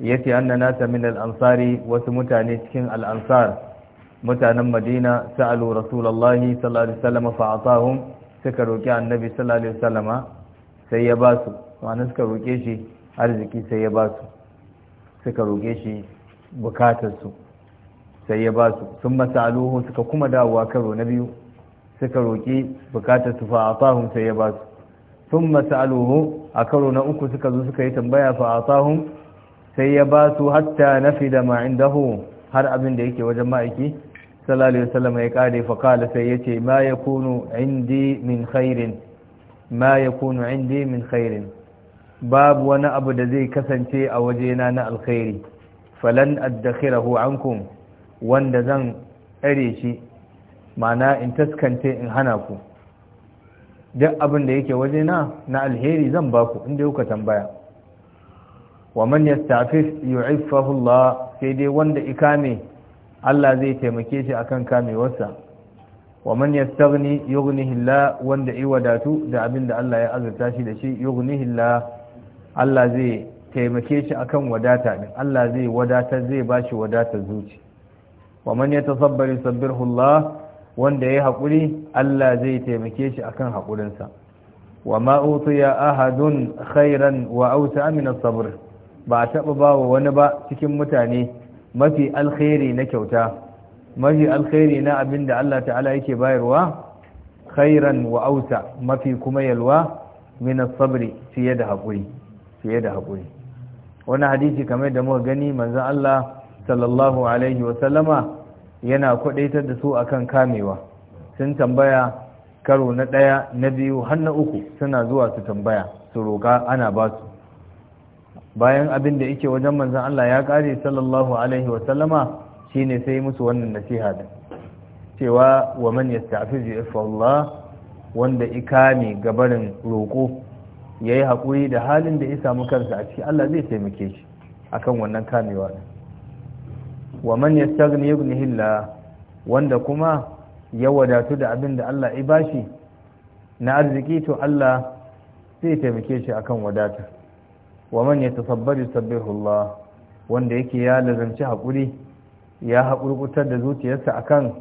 ya yace annana ta min al-ansari wasu mutane cikin al-ansar mutanen Madina sa'alu rasulullahi sallallahu alaihi wasallam fa'atahum suka roƙi annabi sallallahu alaihi wasallama sai ya ba su ma'ana suka roƙe shi arziki sai ya ba su suka roƙe shi bukatar su sai ya ba su sun masa aluhu suka kuma dawowa karo na biyu suka roƙi bukatar su fa'atahum sai ya ba su sun masa aluhu a karo na uku suka zo suka yi tambaya fa'atahum sai ya ba su hatta nafida da ma'indahu har abin da yake wajen ma'aiki sallallahu ya salama ya kare fakala sai ya ce ma kunu indi min khairin ma kunu indi min khairin babu wani abu da zai kasance a wajena na alkhairi falan addakhirahu ankum wanda zan tsare shi mana in taskance in hana ku duk abin da yake wajena na alheri zan ba ku inda kuka tambaya wa man yastafif yu'iffahu Allah sai dai wanda kame? Allah zai taimake shi akan kamewarsa wa man yastaghni yughnihi Allah wanda iwadatu da abin da Allah ya azurta shi da shi yughnihi Allah Allah zai taimake shi akan wadata din Allah zai wadatar zai bashi wadatar zuci wa man yatasabbar yusabbirhu Allah wanda ya hakuri? Allah zai taimake shi akan haƙurinsa wa ma utiya ahadun khairan wa auta min as-sabr ba a taɓa ba wa wani ba cikin mutane mafi alkhairi na kyauta mafi alkhairi na abin da Allah ta'ala yake bayarwa khairan wa ausa mafi kuma yalwa min sabri fiye da haƙuri fiye da haƙuri wani hadisi kamar da muka gani manzo Allah sallallahu alaihi wa sallama yana kwadaitar da su akan kamewa sun tambaya karo na ɗaya na biyu har na uku suna zuwa su tambaya su roka ana ba su bayan abin da yake wajen Manzon Allah ya kare sallallahu alaihi wa sallama shine sai musu wannan nasiha da cewa wa man yasta'fizu Allah wanda ikami gabarin roko yayi hakuri da halin da ya samu kansa a ciki Allah zai taimake shi akan wannan kamewa wa man yastaghni yughnihi Allah wanda kuma ya wadatu da abin da Allah ya bashi na arziki to Allah zai taimake shi akan wadata wa man yatasabbar yusabbihu Allah wanda yake ya lazanci hakuri ya hakurkutar da zuciyarsa akan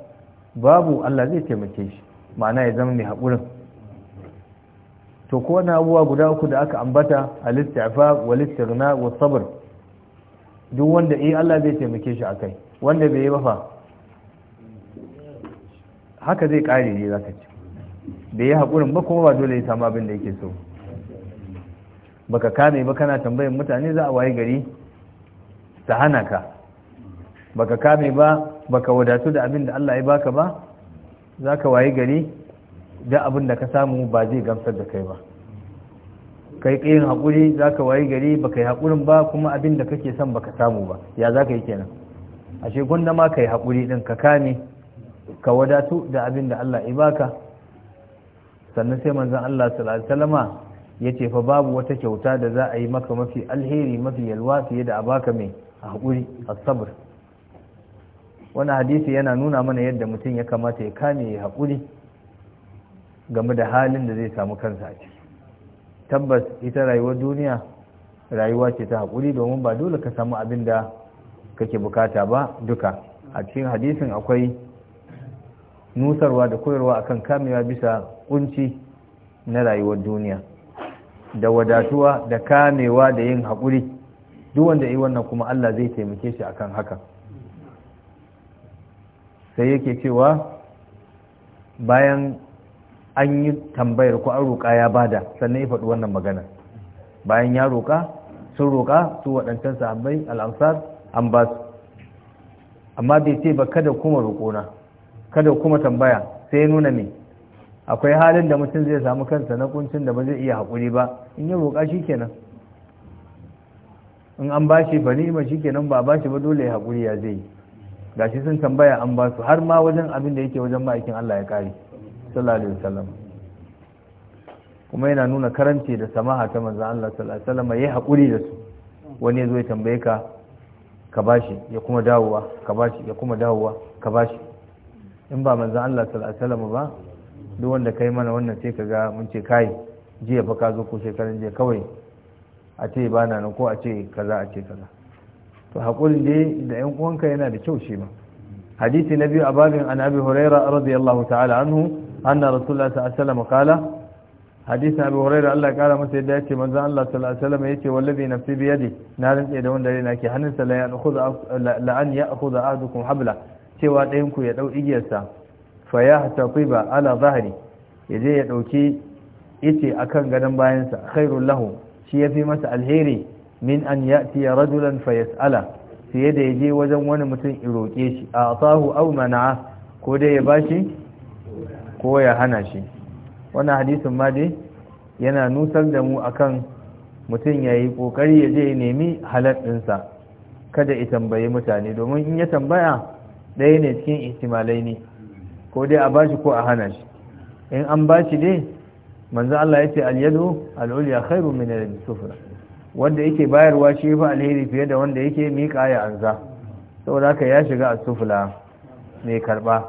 babu Allah zai taimake shi ma'ana ya zama mai hakurin to ko na abuwa guda uku da aka ambata al-isti'faf wal istighna was sabr duk wanda eh Allah zai taimake shi akai wanda bai yi ba fa haka zai kare ne zaka ce bai yi hakurin ba kuma ba dole ya samu abin da yake so baka kame ba kana tambayar mutane za a waye gari ta hana ka baka kame ba baka wadatu da abin da Allah ya baka ba za ka waye gari da abin da ka samu ba zai gamsar da kai ba kai ƙiyin haƙuri za ka waye gari baka yi haƙurin ba kuma abin da kake son baka samu ba ya za ka yi kenan ashe da ma ka yi haƙuri ɗin ka kame ka wadatu da abin da Allah ya baka sannan sai manzon Allah sallallahu alaihi wasallama ya ce fa babu wata kyauta da za a yi maka mafi alheri mafi yalwa fiye da a baka mai hakuri haƙuri a sabr wani hadisi yana nuna mana yadda mutum ya kamata ya kame ya haƙuri game da halin da zai samu kansa a ciki tabbas ita rayuwar duniya rayuwa ce ta haƙuri domin ba dole ka samu abin da kake bukata ba duka a cikin hadisin akwai nusarwa da koyarwa akan kamewa bisa kunci na rayuwar duniya da wadatuwa da kamewa da yin haƙuri duk wanda yi wannan kuma Allah zai taimake shi akan haka sai yake cewa bayan an yi tambayar ko an roƙa ya bada sannan ya faɗi wannan magana bayan ya roƙa sun roƙa su waɗancan sahabbai al'amsar an ba su amma bai ce ba kada kuma roƙona kada kuma tambaya sai ya nuna me akwai halin da mutum zai samu kansa na kuncin da ba zai iya haƙuri ba in yi roƙa shi kenan in an ba shi fani'ima shi kenan ba ba shi ba dole ya haƙuri ya zai ga shi sun tambaya an ba su har ma wajen abin da yake wajen ma'aikin Allah ya kare sallallahu alaihi wasallam kuma yana nuna karanci da samaha ta manzon Allah sallallahu alaihi wasallam yayi haƙuri da su wani ya zo ya tambaye ka ka bashi ya kuma dawowa ka bashi ya kuma dawowa ka bashi in ba manzon Allah sallallahu alaihi wasallam ba duk wanda kai mana wannan sai ka ga mun ce kai jiya fa ka zo ko shekarun jiya kawai a ce ba na ko a ce kaza a ce kaza to hakuri dai da yan uwanka yana da kyau shi ma hadisi na biyu a babin an abi huraira radiyallahu ta'ala anhu anna rasulullah sallallahu alaihi wasallam qala hadisi abi huraira Allah ya kara masa yadda yace manzo Allah sallallahu alaihi wasallam yace wallazi nafsi bi yadi na rantsa da wanda yana ke hannunsa la ya akhudha la an ya habla cewa ɗayan ku ya dau igiyarsa fa ya ba ala zahri yaje ya dauki yace akan gadon bayansa khairul lahu shi fi masa alheri min an ya'ti rajulan fayas'ala fiye da yaje wajen wani mutum ya roke shi a atahu aw mana'a ko dai ya bashi ko ya hana shi wannan hadisin ma dai yana nusar da mu akan mutum ya yi ƙoƙari ya je ya nemi halar ɗinsa kada ya tambayi mutane domin in ya tambaya ɗaya ne cikin ihtimalai ne ko dai a bashi ko a hana shi in an bashi dai manzo Allah yace al-yadu al-ulya khairu min al sufra wanda yake bayarwa shi fa alheri fiye da wanda yake mika ya anza saboda haka ya shiga as-sufla mai karba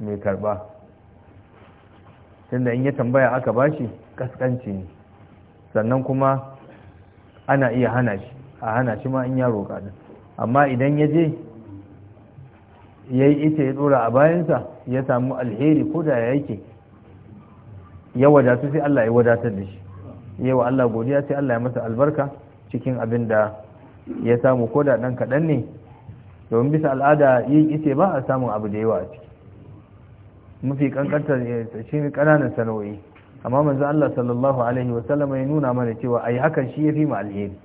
mai karba tunda in ya tambaya aka bashi kaskanci ne sannan kuma ana iya hana shi a hana shi ma in ya roƙa din amma idan ya je ya yi ita ya tsora a bayansa ya samu alheri ko da yake ya wadatu sai Allah ya wadatar da shi yau Allah godiya sai Allah ya masa albarka cikin abin da ya samu ko da ɗan kaɗan ne domin bisa al'ada yi ita ba a samun abu da yawa a ciki mafi kankantar eh, shi ne ƙananan sana'o'i amma manzo Allah sallallahu alaihi wa sallam ya nuna mana cewa ai hakan shi ya fi mu alheri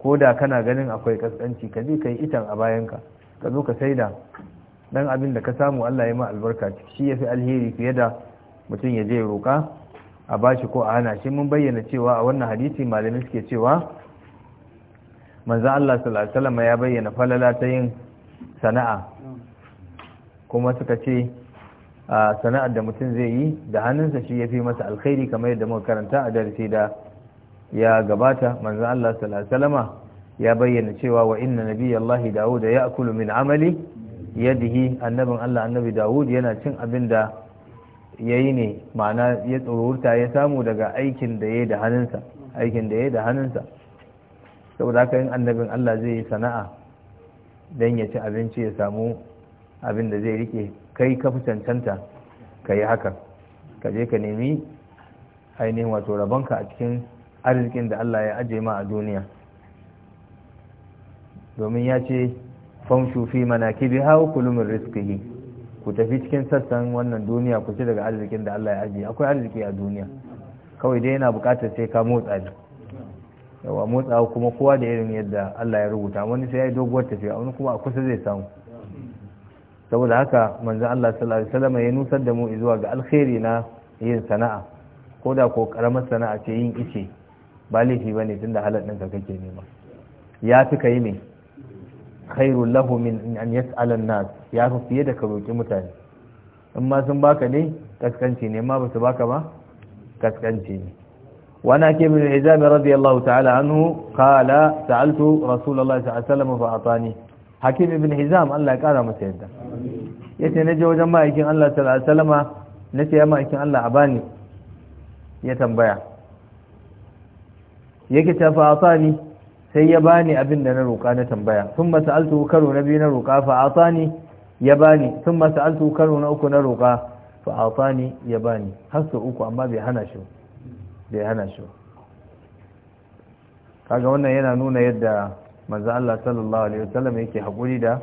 ko da kana ganin akwai kaskanci ka je kai itan a bayanka ka zo ka saida dan abin da ka samu Allah ya ma albarka shi fi alheri fiye da mutum ya je roka a bashi ko a hana shi mun bayyana cewa a wannan hadisi malamai suke cewa manzo Allah sallallahu alaihi wasallam ya bayyana falala ta yin sana'a kuma suka ce a sana'ar da mutum zai yi da hannunsa shi ya yafi masa alheri kamar yadda muka karanta a darasi da ya gabata manzo Allah sallallahu alaihi wasallam ya bayyana cewa wa inna nabiyallahi dawud ya akulu min amali yadihi annabin Allah annabi dawud yana cin abin da yayi ne ma'ana ya tsorurta ya samu daga aikin da yayi da hannunsa aikin da yayi da hannunsa saboda haka yin annabin Allah zai yi sana'a dan ya ci abinci ya samu abin da zai rike kai ka fi cancanta ka yi haka ka je ka nemi ainihin wato rabonka a cikin arzikin da Allah ya aje ma a duniya domin ya ce famshu fi manakibi hau kulumin riskihi ku tafi cikin sassan wannan duniya ku ci daga arzikin da Allah ya ajiye akwai arziki a duniya kawai dai yana bukatar sai ka motsa ne yawa motsa kuma kowa da irin yadda Allah ya rubuta wani sai ya yi doguwar tafiya wani kuma a kusa zai samu saboda haka manzon Allah sallallahu alaihi wasallam ya nusar da mu zuwa ga alkhairi na yin sana'a ko da ko karamar sana'a ce yin ice ba laifi bane tunda halal ɗinka kake nema ya fi ka yi mai khairul lahu min an yas'ala an-nas ya fi fiye da ka roki mutane in ma sun baka ne kaskanci ne ma ba su baka ba kaskanci ne وانا كيم بن العزام رضي radiyallahu ta'ala عنه قال سألت رسول الله صلى الله عليه وسلم فأعطاني حكيم بن حزام الله قال ما سيدا yace na je wajen ma'aikin Allah sallallahu alaihi wasallama nace ya ma'aikin Allah a bani ya tambaya yake ta fa atani sai ya bani abin da na roƙa na tambaya sun masa'altu karo na biyu na roƙa fa'atani ya bani sun masa'altu karo na uku na roƙa fa'atani ya bani har sau uku amma bai hana shi bai hana shi kaga wannan yana nuna yadda manzo Allah sallallahu alaihi wasallam yake haƙuri da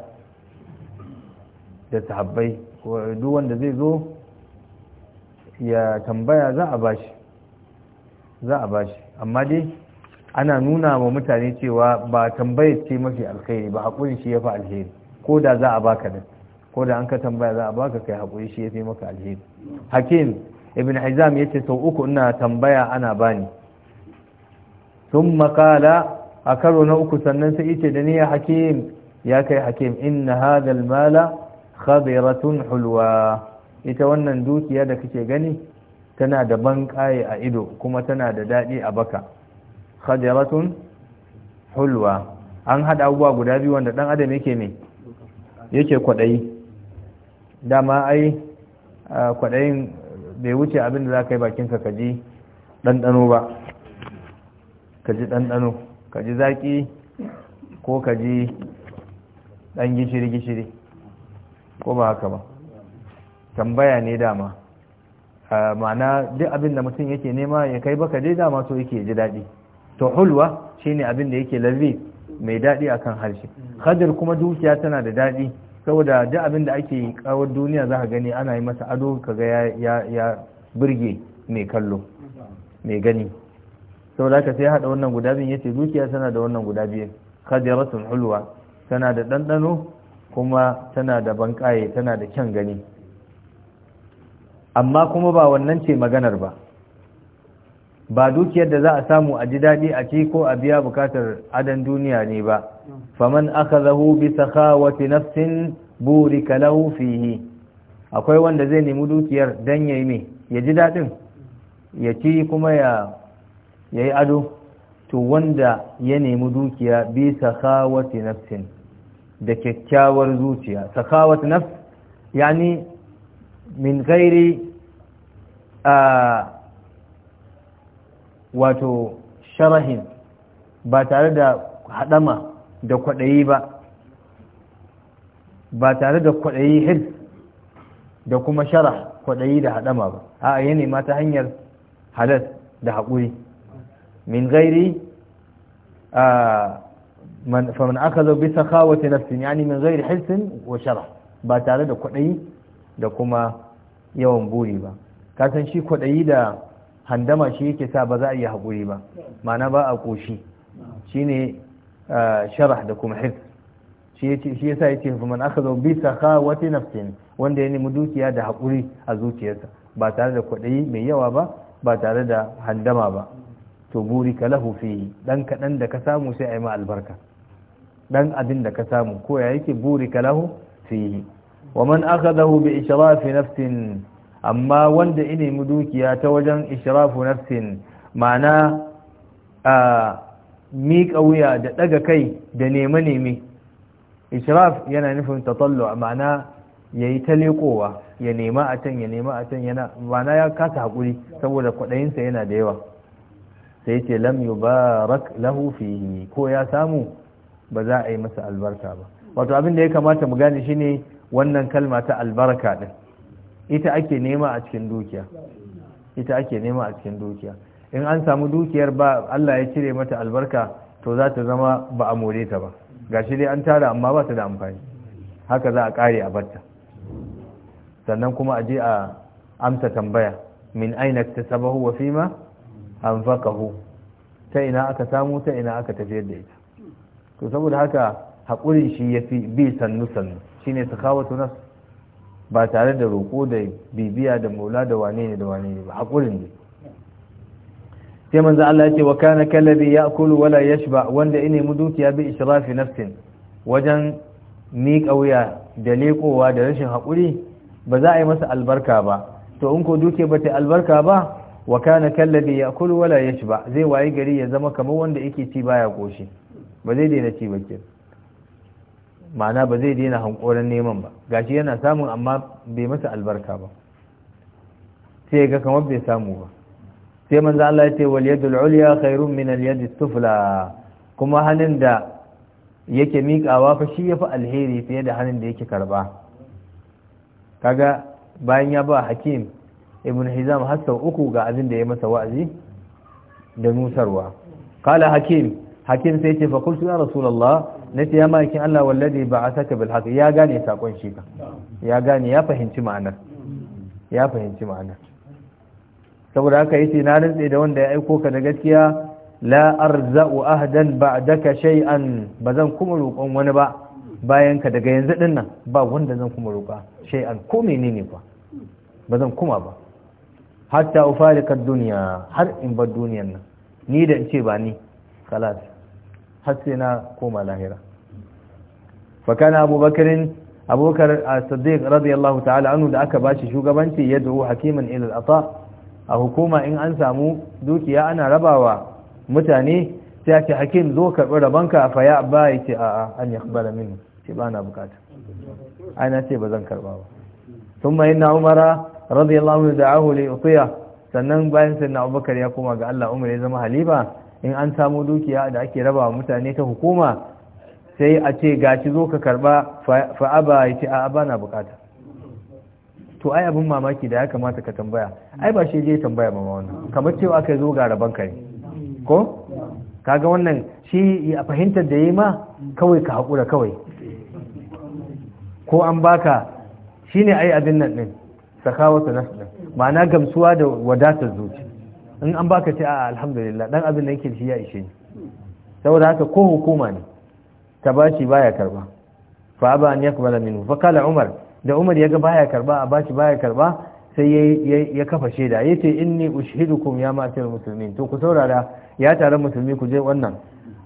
da sahabbai duk wanda zai zo ya tambaya za a bashi za a bashi amma dai ana nuna wa mutane cewa ba tambayar ce mafi alkhairi ba haƙuri shi ya fi alheri ko da za a baka ko da an ka tambaya za a baka kai haƙuri shi ya fi maka alheri hakim ibn hizam ya ce sau uku ina tambaya ana bani sun makala a karo na uku sannan sai ce da ni ya hakim ya kai hakim inna hadal mala khabiratun hulwa ita wannan dukiya da kake gani tana da banƙaye a ido kuma tana da daɗi a baka khajaratun hulwa an hada abubuwa guda biyu wanda dan adam yake ne yake kwadayi dama ai kwadayin bai wuce abin da za ka yi bakinka ka ji ɗanɗano ba ka ji ɗanɗano ka ji zaƙi ko ka ji ɗan gishiri-gishiri ko ba haka ba tambaya ne dama ma'ana duk abin da mutum yake nema ya kai baka dai dama so yake ji daɗi to hulwa shi ne abin da yake lalle mai daɗi akan harshe khadir kuma dukiya tana da daɗi saboda duk abin da ake kawar duniya za ka gani ana yi masa ado kaga ya ya burge mai kallo mai gani saboda haka sai haɗa wannan guda biyun yace dukiya tana da wannan guda biyun khadiratun hulwa tana da ɗanɗano kuma tana da bankaye tana da kyan gani amma kuma ba wannan ce maganar ba ba dukiyar da za a samu a ji daɗi a ci ko a biya bukatar adan duniya ne ba faman zahu bi wata nafsin buri lahu fihi akwai wanda zai nemi dukiyar dan yi ne ya ji daɗin ya ci kuma ya yi ado to wanda ya nemi dukiya bi wata nafsin da kyakkyawar zuciya sakhawati nafs yani min kairi a ah, wato sharahin ba tare da haɗama da kwaɗayi ba ba tare da kwaɗayi hir da kuma sharah kwaɗayi da haɗama ba a ya nema ta hanyar halas da haƙuri min gairi a faman aka zo bisa kawata nafsin yani min gairi hirsin wa sharah ba tare da kwaɗayi da kuma yawan buri ba kasan shi kwaɗayi da handama shi yake sa ba za a yi haƙuri ba mana ba a ƙoshi shi ne sharah da kuma hirs shi ya sa ya ce man aka zo bi ha wata nafsin wanda ya nemi dukiya da haƙuri a zuciyarsa ba tare da kwaɗayi mai yawa ba ba tare da handama ba to buri ka lahu fihi dan kaɗan da ka samu sai a yi ma albarka dan abin da ka samu ko ya yake buri ka lahu wa man akhadahu bi fi naftin. amma wanda ya mu dukiya ta wajen ishrafu nafsin ma'ana a miƙa wuya da ɗaga kai da neme-neme ishraf yana nufin tatallu ma'ana ya yi ta leƙowa ya nema a can ya nema a can yana ma'ana ya kasa hakuri saboda kwaɗayinsa yana da yawa sai ce lam yubarak lahu fihi ko ya samu ba za a yi masa albarka ba wato abin da ya kamata mu gane shine wannan kalma ta albarka din ita ake nema a cikin dukiya ita ake nema a cikin dukiya in an samu dukiyar ba Allah ya cire mata albarka to za ta zama ba a more ta ba gashi dai an tara amma ba ta da amfani haka za a kare a barta sannan kuma a je a amsa tambaya min aina tasabahu wa fima anfaqahu ta ina aka samu ta ina aka tafiyar da ita to saboda haka haƙurin shi yafi bi sannu sannu shine sakawatu nas ba tare da roƙo da bibiya da mula da wane ne da wane ne ba haƙurin ne sai manzo Allah ya ce wa kana kallabi ya'kulu wala yashba wanda ine mu dukiya bi israfi nafsin wajen miƙa wuya da lekowa da rashin haƙuri ba za a yi masa albarka ba to in ko duke ba ta albarka ba wa kana kallabi ya'kulu wala yashba zai wayi gari ya zama kamar wanda yake ci baya koshi ba zai daina ci ba kenan ma'ana ba zai daina hankoran neman ba gashi yana samun amma bai masa albarka ba sai ga kamar bai samu ba sai manzo Allah ya ce wal yadul ulya khairun min al yadi sufla kuma hannun da yake miƙawa fa shi yafi alheri fiye da hannun da yake karba kaga bayan ya ba hakim ibn hizam har sau uku ga abin da ya masa wa'azi da nusarwa qala hakim hakim sai ce fa qultu ya rasulullah na ce ya ma'aikin Allah wallazi ba a saka bil ya gane saƙon shi ka ya gane ya fahimci ma'anar ya fahimci ma'anar saboda haka yace na rantse da wanda ya aiko ka da gaskiya la arza'u ahdan ba'daka shay'an bazan kuma roƙon wani ba bayan ka daga yanzu din nan ba wanda zan kuma roƙa shay'an ko menene ba bazan kuma ba hatta ufarika duniya har in bar duniyar nan ni da in ce ba ni kalas har sai na koma lahira fakana abubakarin abubakar as-siddiq radiyallahu ta'ala anu da aka bashi shugabanci yad'u hakiman ila al-ata a hukuma in an samu dukiya ana rabawa mutane sai ce hakim zo karbi rabanka a ya ba yace a a an yakbala minni ce ba na bukata ana ce ba zan karba ba mai na umara radiyallahu da ahu sannan bayan na abubakar ya koma ga Allah umar ya zama halifa in an samu dukiya da ake raba wa mutane ta hukuma sai a ce gashi zo ka karba fa'aba ya ce a bana bukata to ai abin mamaki da ya kamata ka tambaya ai ba shi je tambaya ma wannan kamar cewa aka zo ga raban kai ko kaga wannan shi a fahimtar da yayi ma kawai ka hakura kawai ko an baka shine ai abin nan din sakawa ta nasu ma'ana gamsuwa da wadatar zuci in an baka ce a alhamdulillah dan abin da yake shi ya ishe ni saboda haka ko hukuma ne ta bashi baya karba fa ba an yakbala minhu fa kala umar da umar ya ga baya karba a bashi baya karba sai ya kafa sheda yace inni ushidukum ya ma'asir muslimin to ku saurara ya tare musulmi ku je wannan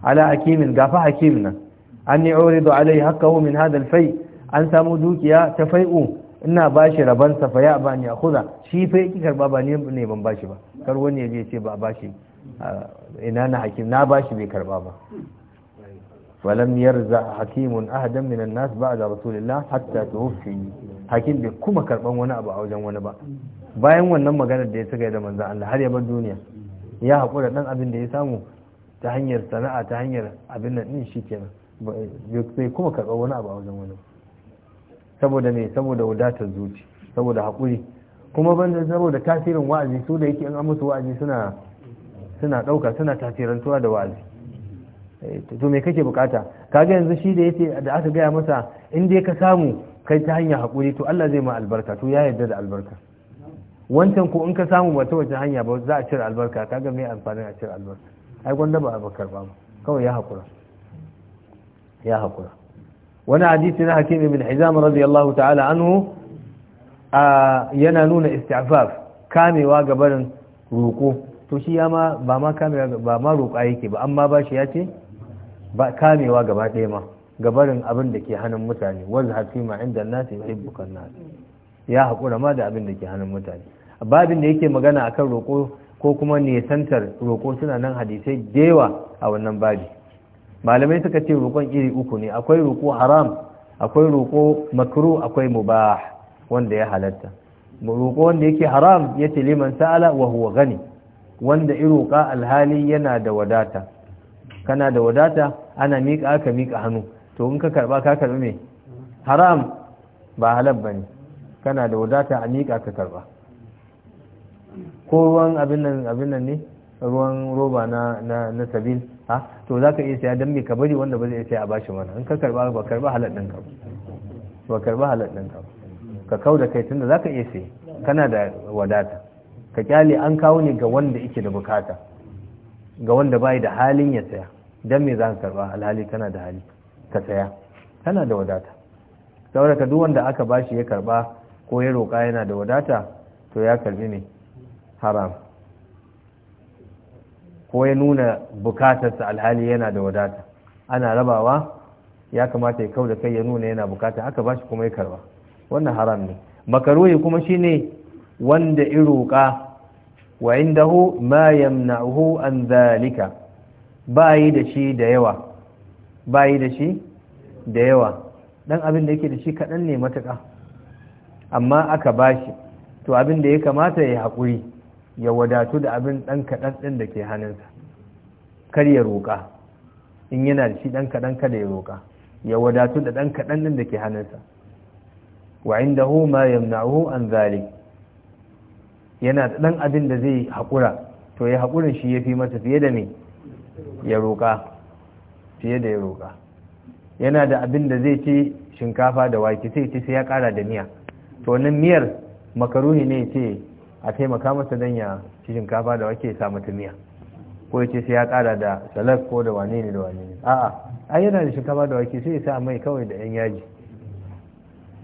ala hakimin gafa hakimin nan an ni uridu alai haqqahu min hadha alfai an samu dukiya ta fai'u ina ba shi rabon safa ya ba ni a kuza shi fa yake karba ba ne ban ba shi ba kar wani ya je ce ba ba shi ina na hakim na ba shi bai karba ba walam yarza hakimun ahadan minan nas ba'da rasulillah hatta tuwfi hakim bai kuma karban wani abu a wajen wani ba bayan wannan maganar da ya saka da manza Allah har ya bar duniya ya haƙura dan abin da ya samu ta hanyar sana'a ta hanyar abin nan din kenan bai kuma karba wani abu a wajen wani ba saboda ne saboda wadatar zuci saboda haƙuri kuma banda saboda tasirin wa'azi su da yake in an musu wa'azi suna suna ɗauka suna tasirantuwa da wa'azi eh, to me kake bukata kaga yanzu shi da yace da aka gaya masa in dai ka samu kai ta hanyar haƙuri to Allah zai ma albarka to ya yarda da albarka wancan ko in ka samu ba ta wace hanya ba za a cire albarka kaga me amfanin a cire albarka ai gwanda ba a bakar ba kawai ya haƙura ya haƙura wani hadisi na hakim ibn hizam radiyallahu ta'ala anhu yana nuna istifaf kamewa gabarin roƙo to shi ya ma ba ma kamewa ba ma roƙa yake ba amma ba shi ya ce ba kamewa gaba ɗaya ma gabarin abin da ke hannun mutane wanda hafi ma inda nasi yuhibbukan nas ya haƙura ma da abin da ke hannun mutane babin da yake magana akan roƙo ko kuma nesantar roƙo suna nan hadisai da yawa a wannan babi malamai suka ce roƙon iri uku ne akwai roƙo haram akwai roƙo makru akwai mubah wanda ya halatta roƙo wanda yake haram ya ce liman sa'ala wa huwa gani wanda iruka alhali yana da wadata kana da wadata ana miƙa aka miƙa hannu to in ka karɓa ka karɓi me haram ba halal bane kana da wadata a miƙa ka karɓa ko ruwan abin nan abin nan ne ruwan roba na na na sabin ha to zaka iya saya dan me ka bari wanda ba zai iya saya a bashi wani? in ka karba ba karba halal din ka ba karba halal din ka ka da kai tunda zaka iya saya kana da wadata ka kyale an kawo ne ga wanda yake da bukata ga wanda bai da halin ya saya dan me zaka karba alhali kana da hali ka saya kana da wadata saboda ka duk wanda aka bashi ya karba ko ya roka yana da wadata to ya karbi ne haram ko ya nuna bukatarsa alhali yana da wadata ana rabawa ya kamata ya kau da kai ya nuna yana bukata aka ba shi kuma ya karba wannan haram ne makaruhi kuma shine wanda roƙa wa indahu ma yamna'uhu an zalika bayi da shi da yawa bayi da shi da yawa dan abin da yake da shi kadan ne matuƙa amma aka ba shi to abin da ya kamata ya yi hakuri. ya wadatu da abin ɗan kaɗan ɗin da ke hannunsa kar ya roƙa in yana da shi ɗan kaɗan kada ya roƙa ya wadatu da ɗan kaɗan ɗin da ke hannunsa wa inda hu ma yamna'uhu an zale. yana da ɗan abin da zai haƙura to ya haƙurin shi ya fi masa fiye da me ya roƙa fiye da ya roƙa yana da abin da zai ci shinkafa da wake sai ci sai ya ƙara da miya to wannan miyar makaruni ne ce a taimaka masa don ya ci shinkafa da wake sa mata miya ko ya ce sai ya kara da salak ko da wane ne da wane ne a'a ai yana da shinkafa da wake sai ya sa mai kawai da yan yaji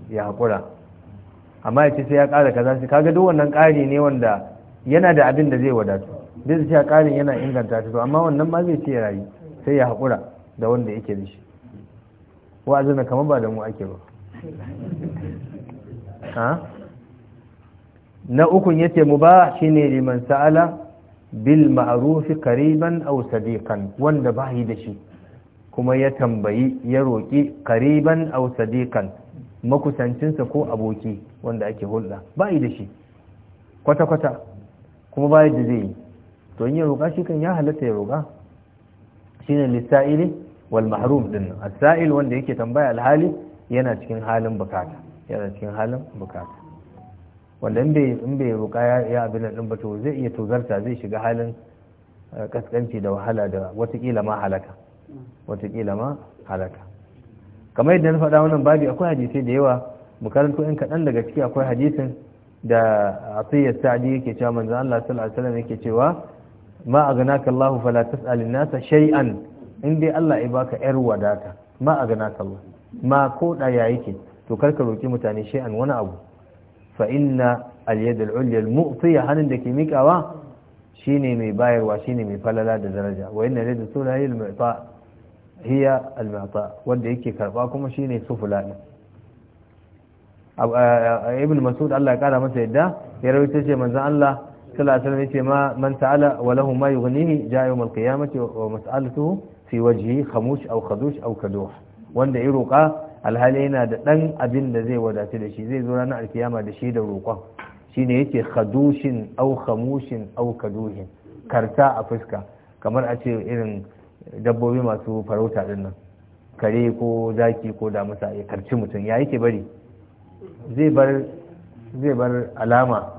ya haƙura amma ya ce sai ya kara kaza sai kaga duk wannan ƙari ne wanda yana da abin da zai wadatu duk da ƙarin yana inganta ta to amma wannan ma zai ce rayu sai ya haƙura da wanda yake da shi wa'azin kamar ba da mu ake ba na ukun yace mubah shine liman sa'ala bil ma'ruf qariban aw sadiqan wanda bai da shi kuma ya tambayi ya roki qariban aw sadiqan makusancinsa ko aboki wanda ake hulɗa bai da shi kwata kwata kuma bai da zai to in ya roka shi kan ya halatta ya roka shine lisa'ili wal mahrum din as wanda yake tambaya alhali yana cikin halin bukata yana cikin halin bukata wanda in bai ruka ya abin nan ba to zai iya tozarta zai shiga halin kaskanci eh, da wahala da watakila ma halaka watakila ma halaka kamar yadda na faɗa wannan babi akwai hadisai da yawa mu karanto in kaɗan daga ciki akwai hadisin da asiyar sa'adi yake cewa manzan Allah sallallahu alaihi wasallam yake cewa ma aganaka Allahu fala tas'al an-nasa shay'an in dai Allah ya baka yar wadata ma aganaka Allah ma ko da ya yake to karka roki mutane shay'an wani abu fa inna al-yad al mutiya hannun da ke mikawa shine mai bayarwa shine mai falala da daraja wa inna yad al al-mu'ta hiya al-mu'ta wanda yake karba kuma shine sufla din ibn mas'ud Allah ya kara masa yadda ya rawaito ce manzon Allah sallallahu alaihi wasallam yace ma man ta'ala wa lahu ma yughnihi ja yawm al-qiyamati wa wanda ya alhali yana da ɗan abin da zai wadatu da shi zai zo ranar alkiyama da shi da roƙon ne yake khadushin au khamushin au kaduhin karta a fuska kamar a ce irin dabbobi masu farauta din nan kare ko zaki ko damusa ya karci mutum ya yake bari zai bar zai bar alama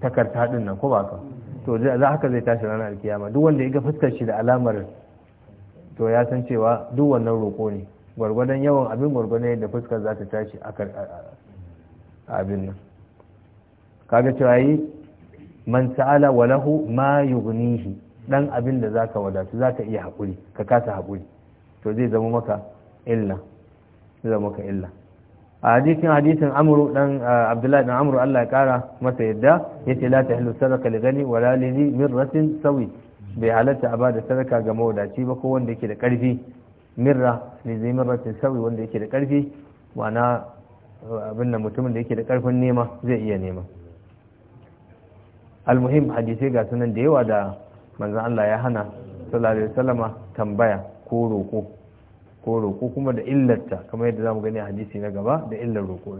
ta karta din nan ko ba ka to za haka zai tashi ranar alkiyama duk wanda ya ga fuskar shi da alamar to ya san cewa duk wannan roƙo ne gwargwadon yawan abin gwargwadon yadda fuskar za ta tashi a abin nan kaga cewa yi man sa'ala walahu ma yughnihi dan abin da zaka wadatu zaka iya haƙuri ka kasa haƙuri to zai zama maka illa zai zama maka illa a hadisin hadisin amru dan abdullahi dan amru Allah ya kara masa yadda yace la tahlu sadaka li gani wala li mirratin sawi bai halatta a da sadaka ga mawadaci ba ko wanda yake da karfi mirra ne zai mirratin sauyi wanda yake da ƙarfi ma'ana abin da mutumin da yake da ƙarfin nema zai iya nema almuhim hadisai ga sunan da yawa da manzan Allah ya hana sallallahu alaihi wasallama tambaya ko roƙo ko roƙo kuma da illarta kamar yadda zamu gani a hadisi na gaba da illar roƙo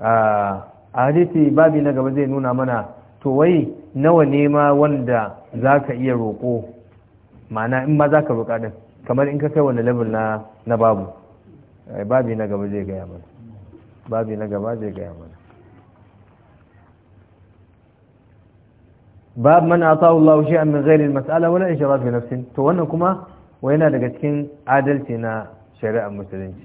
a hadisi babi na gaba zai nuna mana to wai nawa nema wanda zaka iya roko ma'ana in ma za ka buƙatar kamar in ka kai wani level na na babu babi na gaba zai gaya mana babi na gaba zai gaya mana bab man atahu Allah shay'an min ghairi al-mas'ala wala ishraf bi nafsin to wannan kuma wai yana daga cikin adalci na shari'ar musulunci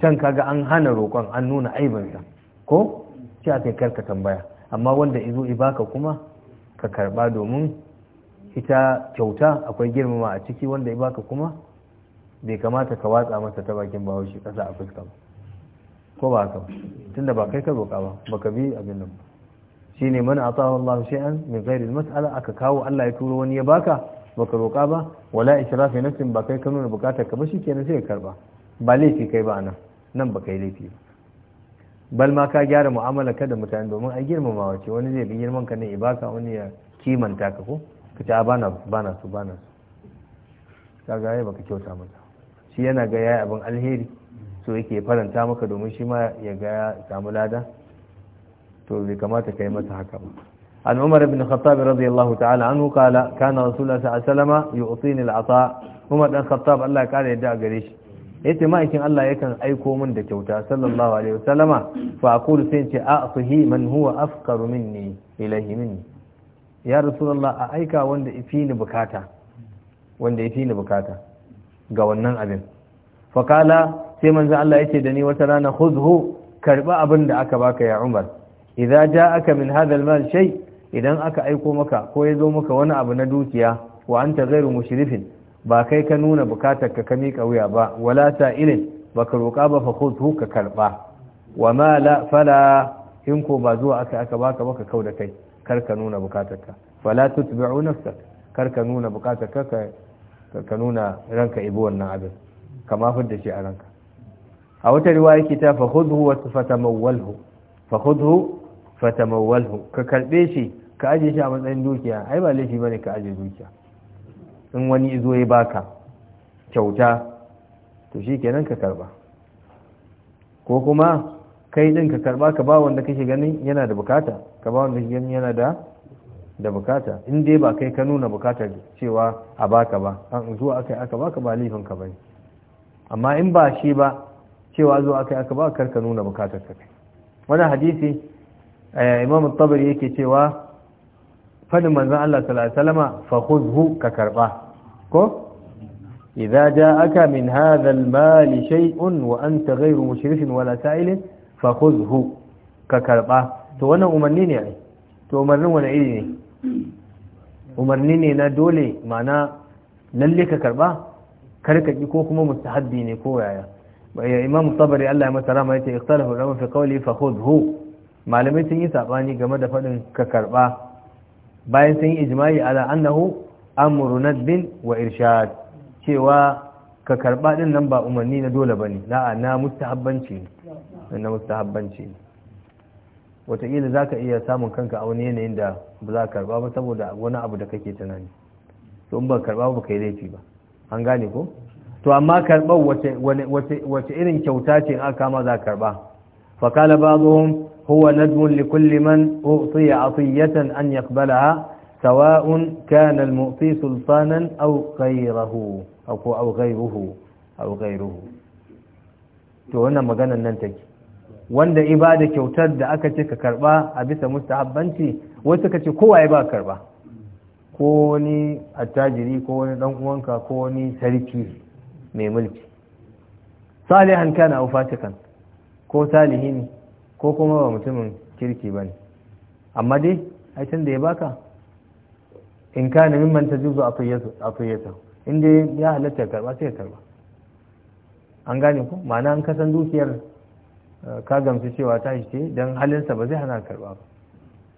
can kaga an hana roƙon an nuna aibinsa ko sai kai karka tambaya amma wanda izo ibaka kuma ka karba domin ita kyauta akwai girmama a ciki wanda ya baka kuma bai kamata ka watsa masa ta bakin bahaushe kasa a fuska ba ko ba haka tunda ba kai ka roƙa ba baka bi abin nan shine man atahu Allah shay'an min ghairi masala aka kawo Allah ya turo wani ya baka baka roƙa ba wala israfi nafsin ba kai ka nuna bukatar ka ba shikenan sai ka karba ba laifi kai ba nan nan ba kai laifi ba bal ma ka gyara mu'amala ka da mutane domin a girmamawa ce wani zai bi girman ka ne ya baka wani ya kimanta ka ko ka ce a bana bana su bana su ka ga baka kyauta mata shi yana ga yayi abin alheri so yake faranta maka domin shi ma ya ga ya samu lada to bai kamata kai masa haka ba an umar ibn khattab radiyallahu ta'ala anhu kala kana rasulullah sallallahu alaihi wasallam yu'tini al'ata umar dan khattab Allah ya kare yadda gare shi yace ma'aikin Allah yakan aiko min da kyauta sallallahu alaihi wasallama fa aqulu sai ce a'tihi man huwa afqaru minni ilayhi minni ya rasulallah a aika wanda ifi ni bukata wanda ifi ni bukata ga wannan abin fakala sai manzo Allah yake da ni wata rana khudhu karba abin da aka baka ya Umar idza ja'aka min hadha al shay idan aka aiko maka ko yazo maka wani abu na dukiya wa anta ghairu mushrifin ba kai ka nuna bukatar ka mika wuya ba wala irin baka roka ba fa khudhu ka karba wa ma la fala in ko ba zuwa aka aka baka baka kau da kai kar ka nuna bukatarka fala tutbi'u nafsak kar ka nuna bukatarka ka ka nuna ranka ibo wannan abin kama fidda shi a ranka a wata riwaya yake ta fa khudhu wa fatamawwalhu fakhudhu fatamawwalhu ka karbe shi ka aje shi a matsayin dukiya ai ba laifi bane ka aje dukiya in wani izo ya baka kyauta to shikenan ka karba ko kuma kai din ka karba ka ba wanda kake ganin yana da bukata ka ba wanda ganin yana da da bukata in dai ba kai ka nuna bukatar cewa a baka ba an zuwa akai aka baka ba laifin ka bane amma in ba shi ba cewa zuwa akai aka baka kar ka nuna bukatar ka kai wannan hadisi eh, imam at-tabari yake cewa fadin manzon Allah sallallahu alaihi wasallama fa khudhu ka karba ko min hadha al هذا shay'un wa anta ghayru mushrifin wala sa'ilin fa khuzhu ka karba to wannan umarni ne ai to umarnin wani iri ne umarni ne na dole mana lalle ka karba karkaki ko kuma mustahabbi ne ko yaya ya imam sabari Allah ya masa rama yace ikhtalafu ulama fi qawli fa malamai sun yi sabani game da fadin ka karba bayan sun yi ijma'i ala annahu amru nadbin wa irshad cewa ka karba din nan ba umarni na dole bane na'a na mustahabbanci na mustahabbanci wataƙila za ka iya samun kanka a wani yanayin da ba za ka karɓa ba saboda wani abu da kake tunani to in ba karɓa ba ka yi laifi ba an gane ko to amma karɓar wace irin kyauta ce in aka ma za ka karɓa fakala ba zuhun huwa nadmun li kulli man utiya atiyatan an yaqbalaha sawa'un kana al-mu'ti sultanan aw ghayruhu aw ghayruhu aw ghayruhu to wannan maganar nan take wanda ibada kyautar da aka ce ka karba a bisa mustahabbanci wai suka ce kowa ya ba karba ko wani attajiri ko wani dan uwanka ko wani sarki mai mulki salihan kana au Fatikan ko salihin ne ko kuma ba mutumin kirki bane amma dai ai tun da ya baka in kana mimman tajuzu atiyatu in dai ya halatta karba sai karba an gane ku ma'ana an kasan dukiyar ka gamsu cewa ta shi ce don halinsa ba zai hana karba ba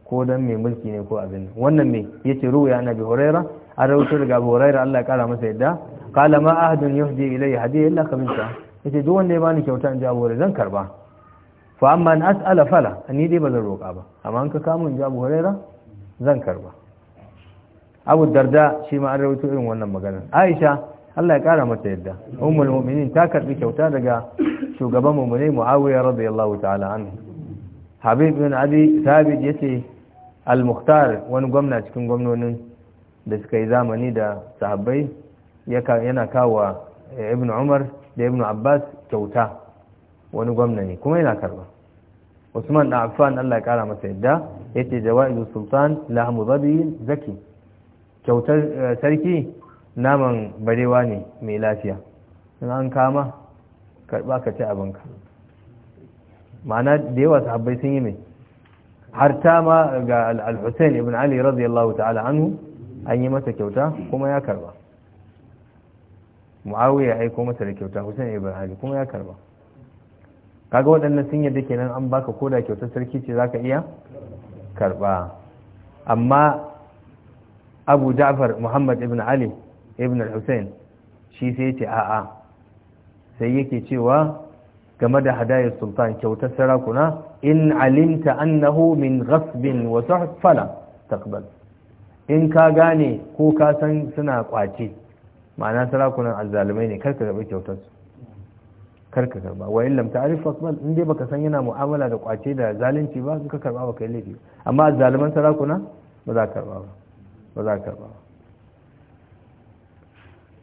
ko don mai mulki ne ko abin wannan mai ya ce ruwa yana bi horaira a rahoto daga abu horaira Allah ya kara masa yadda kala ma ahadun je ilai hadiya illa ya yace duk wanda ya bani kyauta in ji abu zan karba fa amma na as'ala fala ni dai ba zan roƙa ba amma an ka kamo in ji abu horaira zan karba abu darda shi ma an rawaito irin wannan maganar aisha Allah ya kara mata yadda ummul mu'minin ta karbi kyauta daga shugaban mu ne muawiya radiyallahu ta'ala anhu habib bin Ali thabit yace al-mukhtar wani gwamna cikin gwamnonin da suka yi zamani da sahabbai yana kawo eh, ibn umar da ibn abbas kyauta wani gwamna ne kuma yana karba usman da affan Allah ya kara masa yadda yace jawaizu sultan la mudabi zaki kyautar eh, sarki naman barewa ne mai lafiya in an kama karba ka ci abinka ma'ana da yawa sahabbai sun yi mai har ta ma ga al-Hussein ibn Ali radiyallahu ta'ala anhu an yi masa kyauta kuma ya karba Muawiya ai aiko masa da kyauta Hussein ibn Ali kuma ya karba kaga waɗannan sun yadda kenan an baka koda kyauta sarki ce zaka iya karba amma Abu Ja'far Muhammad ibn Ali ibn al-Hussein shi sai ya ce a'a sai yake cewa game da hadayar sultan kyautar sarakuna in alimta annahu min ghasbin wa fala taqbal in ka gane ko ka san suna kwace ma'ana sarakunan azzalumai ne karka karbi kyautar su karka karba wa illam ta'rif faqbal in dai baka san yana mu'amala da kwace da zalunci ba ka karba ba kai laifi amma azzaluman sarakuna ba za ka karba ba ba za ka karba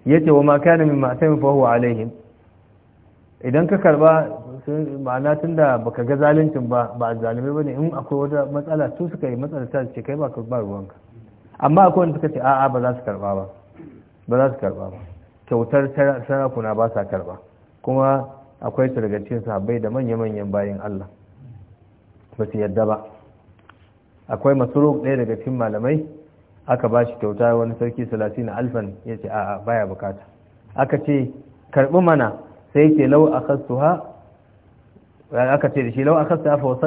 yace wa ma kana mimma ma'tam fa huwa alaihim idan ka karba ma'ana tun da baka ga zaluncin ba ba zalimai ne in akwai wata matsala su suka yi matsala ta ce kai ba ka ba ruwanka amma akwai wanda suka ce a'a ba za su karba ba ba za su karba ba kyautar sarakuna ba sa karba kuma akwai su daga cikin sahabbai da manya-manyan bayan Allah ba su yadda ba akwai masuruk ɗaya daga cikin malamai aka ba shi kyauta wani sarki salatin alfan ya ce a'a baya bukata aka ce karbi mana sai ce lau akastuha aka ce da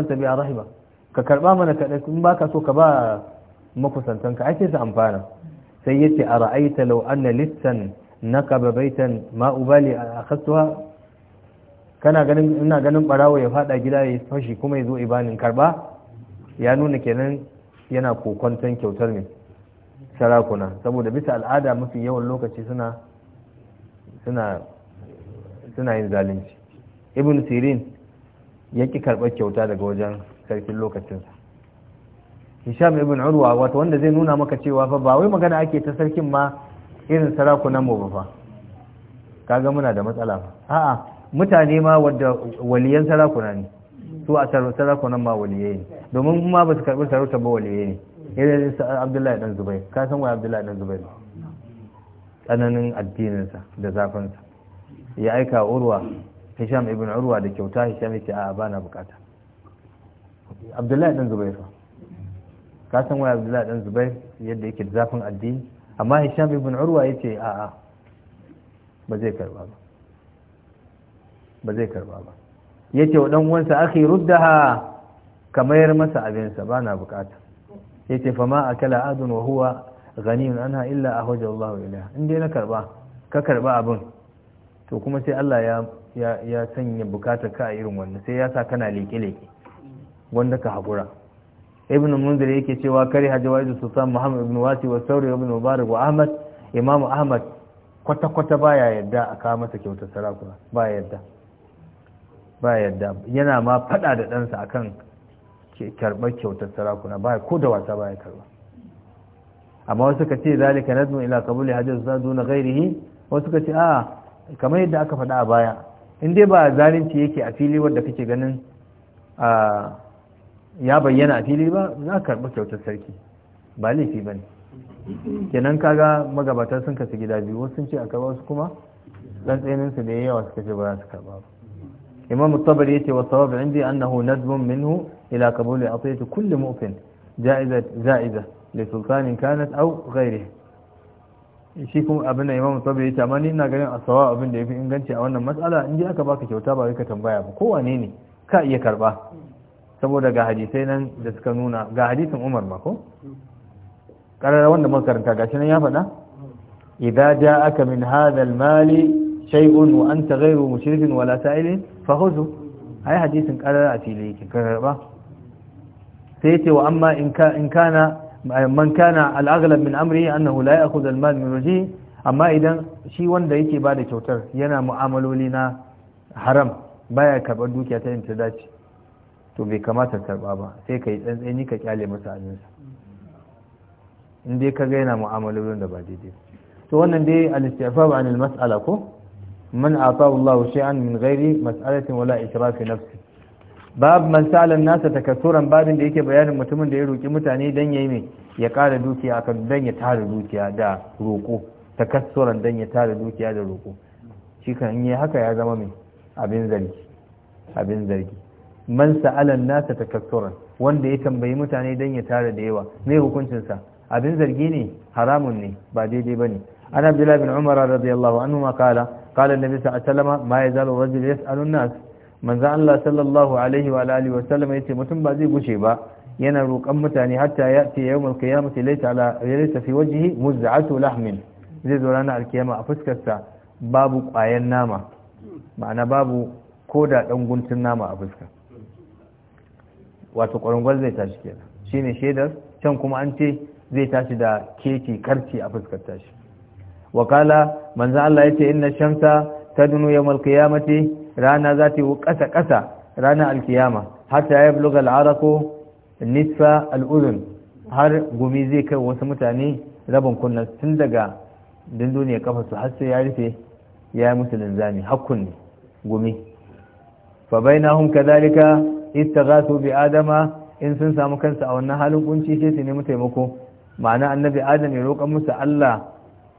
shi biya rahiba ka karba mana ka ba baka so ka ba ka ake su amfana sai yace lau an na lissan naqaba baitan ma ubali akastuha kana ganin ina ganin barawo ya fada gida ya yi fashi kuma ya zo ibanin karba ya nuna kenan yana kokonton kyautar ne sarakuna saboda bisa al'ada mafi yawan lokaci suna suna suna yin zalunci ibn sirin ya ki karɓar kyauta daga wajen sarkin lokacinsa hisham ibn urwa wata wanda zai nuna maka cewa fa ba wai magana ake ta sarkin ma irin sarakunan mu ba fa kaga muna da matsala fa a'a mutane ma wadda waliyan sarakuna ne su a sarakunan ma waliyai ne domin ma ba su karɓi sarauta ba waliyai ne irin abdullahi dan zubai ka san wai abdullahi dan zubair tsananin addininsa da zafinsa ya aika urwa hisham ibn urwa da kyauta hisham yake a bana bukata abdullahi dan zubair ka san wai abdullahi dan zubair yadda yake da zafin addini amma hisham ibn urwa yace a a ba zai karba ba ba zai karba ba yace wa dan uwansa akhi ruddaha kamar masa abinsa ba na bukata yace fa ma akala adun wa huwa ghaniyun ana illa ahoja Allah ilaha in dai na karba ka karba abin to kuma sai Allah ya sanya bukatar ka a irin wannan sai ya sa kana leke-leke wanda ka haƙura ibn munzir yake cewa kare hajjawaizu su san muhammad ibn wasi wa sauri ibn mubarak wa ahmad imamu ahmad kwata-kwata baya yadda a kawo masa kyautar sarakuna baya yadda baya yadda yana ma fada da ɗansa akan karɓar kyautar sarakuna baya ko da wasa baya karɓa amma wasu ka ce zalika nadmu ila qabuli hajjaz duna ghairihi wasu ka ce a'a kamar yadda aka faɗa a baya in dai ba zalunci yake a fili wadda kake ganin ya bayyana a fili ba za ka karɓi kyautar sarki ba laifi ba ne kenan kaga magabata sun kasu gida biyu wasu sun ce a karɓa su kuma dan tsaninsu da yawa suka ce ba za su karɓa ba imam ya yace wa sawabu indi annahu nadbun minhu ila qabuli atiyati kulli ofin za'iza ja'iza li sultanin kanat au ghayrihi shi kuma abin da imamu sabu ya ce amma ni ina ganin asawa abin da ya fi inganci a wannan matsala in ji aka baka kyauta ba ka tambaya ba kowane ne ka iya karba saboda ga hadisai nan da suka nuna ga hadisin umar ma ko karara wanda muka karanta gashi nan ya faɗa idza ja'aka min hadha al-mali shay'un wa anta ghayru mushrifin wala sa'ilin fa khudhu ai hadisin karara a fili ki karba sai ce wa amma in ka in kana man kana al'aghlab min amri annahu la ya'khudhu al-mal min wajhi amma idan shi wanda yake ba kyautar yana mu'amaloli na haram baya karɓar dukiya ta yin tadaci to bai kamata karba ba sai kai tsantsani ka kyale masa ajinsa in dai kaga yana mu'amalolin da ba daidai to wannan dai al-istighfar anil mas'ala ko man ata Allahu shay'an min ghairi mas'alatin wala israfi nafsi bab man salan nasa takassuran babin da yake bayanin mutumin da ya roki mutane dan yayi me ya kara dukiya akan dan ya tara dukiya da roko takassuran dan ya tara dukiya da roko shi kan yi haka ya zama mai abin zargi abin zargi man sa'alan nasa takassuran wanda ya tambayi mutane dan ya tara da yawa me hukuncin sa abin zargi ne haramun ne ba daidai bane an abdullahi bin umar radiyallahu anhu ma kala kala annabi sallallahu alaihi wasallam ma yazalu rajul yas'alu an-nas manzo Allah sallallahu alaihi wa alihi wa sallam yace mutum ba zai gushe ba yana roƙon mutane hatta ya ce yawmal qiyamati laita ala laysa fi wajhi muz'atu lahmin zai zo ranar alkiyama a fuskarsa babu ƙwayen nama ma'ana babu koda dan ɗan guntun nama a fuska wato ƙwarangwal zai tashi kenan shine shaidar can kuma an ce zai tashi da keke karci a fuskar tashi wakala manzo Allah ya ce inna shamsa tadnu yawmal qiyamati rana za ta yi ƙasa ƙasa ranar alkiyama hatta ya buluga al'arako nisfa al'udun har gumi zai kai wasu mutane rabin kunna tun daga dinduniya kafa su har sai ya rufe ya yi musu linzami hakkun gumi fa hum kadhalika istaghathu bi adama in sun samu kansu a wannan halin kunci sai su nemi taimako ma'ana annabi adam ya roƙa musu Allah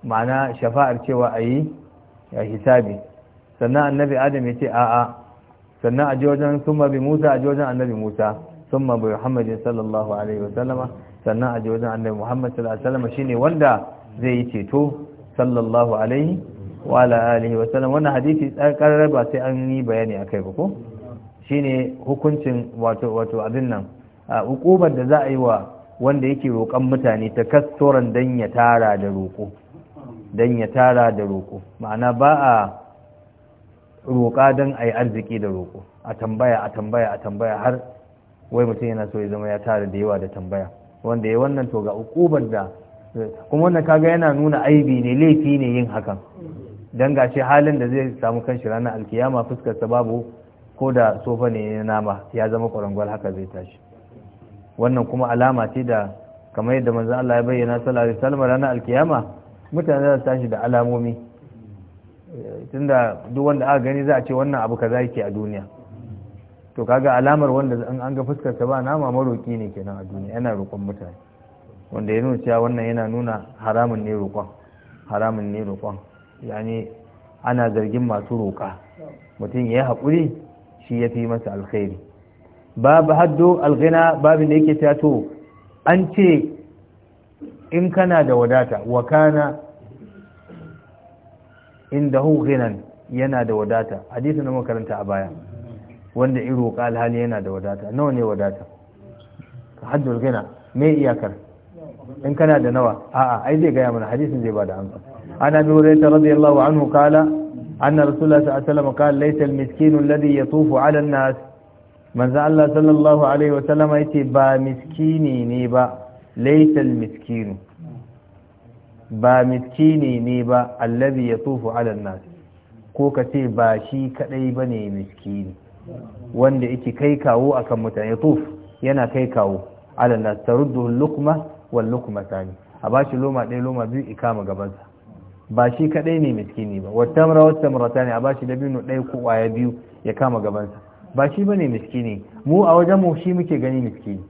ma'ana shafa'ar cewa ayi ya hisabi sannan annabi adam ya ce a'a sannan a ji wajen summa bi musa a ji annabi musa summa bi muhammadin sallallahu alaihi wasallama sannan a ji wajen annabi muhammad sallallahu alaihi wasallama shine wanda zai yi ceto sallallahu alaihi wa ala alihi wasallam wannan hadisi karar ba sai an yi bayani akai ba ko shine hukuncin wato wato abin nan hukumar da za a yi wa wanda yake roƙon mutane ta kastoran dan ya tara da roƙo dan ya tara da roƙo ma'ana ba a roƙa don a yi arziki da roƙo a tambaya a tambaya a tambaya har wai mutum yana so ya zama ya tara da yawa da tambaya wanda ya wannan to ga ukubar da kuma wannan kaga yana nuna aibi ne laifi ne yin hakan dan shi halin da zai samu kanshi ranar alkiyama fuskar sa babu ko da tsofa ne na nama ya zama kwarangwal haka zai tashi wannan kuma alama ce da kamar yadda manzo Allah ya bayyana sallallahu alaihi wasallam ranar alkiyama mutane za su tashi da alamomi tunda duk wanda aka gani za a ce wannan abu kaza yake a duniya to kaga alamar wanda an ga fuskar sa ba nama maroki ne kenan a duniya yana roƙon mutane wanda ya nuna cewa wannan yana nuna haramun ne roƙon haramun ne roƙon yani ana zargin masu roƙa mutum ya haƙuri shi ya fi masa alkhairi babu haddo alghina babin da yake ta to an ce in kana da wadata wa kana hu ghinan yana da wadata hadisi na makaranta a baya wanda iru roƙa hali yana da wadata nawa ne wadata haddul ghina me iyakar in kana da nawa a'a ai zai gaya mana hadisin zai bada amsa ana bi hurairah radiyallahu anhu kala anna rasulullah sallallahu alaihi wasallam qala laysa miskinu alladhi yatufu 'ala an-nas manzo Allah sallallahu alaihi wasallam yace ba miskini ne ba laysa miskinu ba miskini ne ba allazi yatufu ala nas ko ka ce ba shi kadai bane miskini wanda yake kai kawo akan mutane tuf yana kai kawo ala ta ruddu lukma wal lukma tani a bashi loma ɗaya loma biyu ikama gabansa ba shi kadai ne miskini ba wata mara wata marata ne a bashi dabino ɗaya ko ƙwaya biyu ya kama gabansa ba shi bane miskini mu a wajen mu shi muke gani miskini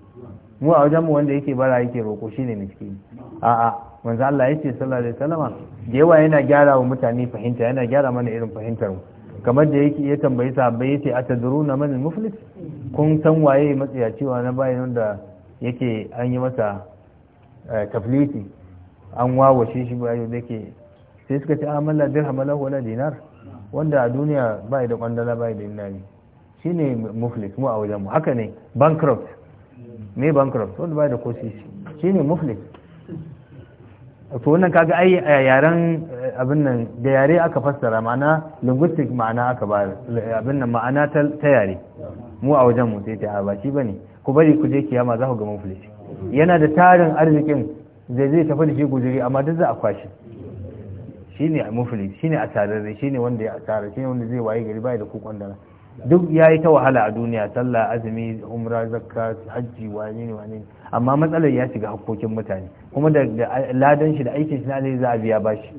mu a wajen mu wanda yake bara yake roƙo shine miskini a'a wanzu Allah ce sallallahu alaihi wasallama da yawa yana gyara wa mutane fahimta yana gyara mana irin fahimtar mu kamar da yake ya tambayi sahabbai yace atadruna man al-muflis kun san waye matsiyaci cewa na bayin da yake an yi masa eh, tafliti an wawashe shi bayan da yake sai suka ce amalla ah, dirham lahu wala dinar wanda a duniya bai da kwandala bai da dinari shine muflis mu a wajen mu haka ne bankrupt ne bankrupt wanda bai da kosi shine muflis to wannan kaga ai eh, yaren eh, abin nan da yare aka fassara ma'ana linguistic ma'ana aka ba eh, abin nan ma'ana ta yare mu a wajen mu sai ta ba shi bane ku bari ku je kiyama za ku ga muflis yana da tarin arzikin zai zai tafi da shi gujiri amma duk za a kwashi shine muflis shine a tarare shine wanda ya shi shine wanda zai waye gari bai da ku kwandana duk yayi ta wahala a duniya sallah azumi umra zakka hajji wani ne wani ne amma matsalar ya shiga hakokin mutane kuma da ladan shi da aikin shi na alai za a biya bashi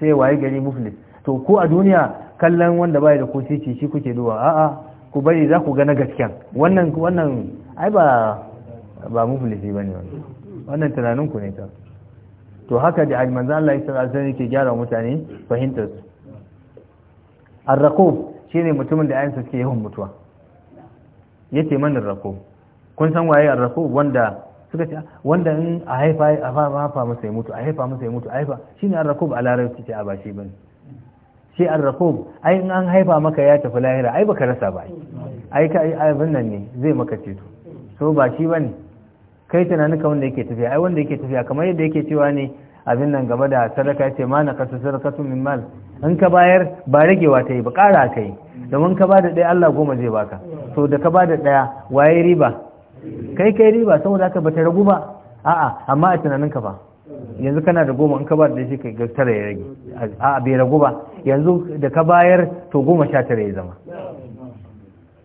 sai waye gari muflis to ko a duniya kallon wanda bai da ko sai shi kuke duwa a'a ku bari za ku ga na gasken wannan wannan ai ba ba ba ne wannan wannan tunanin ku ne ta to haka da manzo Allah ya sallallahu alaihi yake gyara mutane fahimtar su ar-raqub shine mutumin da sa suke yawan mutuwa yace man ar-raqub kun san waye arrafu wanda suka ce wanda in a haifa a haifa masa ya mutu a haifa masa ya mutu a haifa shine arrafu a larabci ce a ba shi bane shi arrafu ai in an haifa maka ya tafi lahira ai baka rasa ba ai ka abin nan ne zai maka ceto so ba shi bane kai ka wanda yake tafiya ai wanda yake tafiya kamar yadda yake cewa ne abin nan gaba da sadaka ce ma na kasu sadakatu min mal in ka bayar ba ragewa ta yi ba ƙara ka yi domin ka ba da ɗaya Allah goma zai baka so da ka ba da ɗaya waye riba kai kai riba saboda aka bata ragu ba a'a amma a tunanin ka ba yanzu kana da goma in ka ba da shi kai tara ya rage a'a bai ragu ba yanzu da ka bayar to goma sha tara ya zama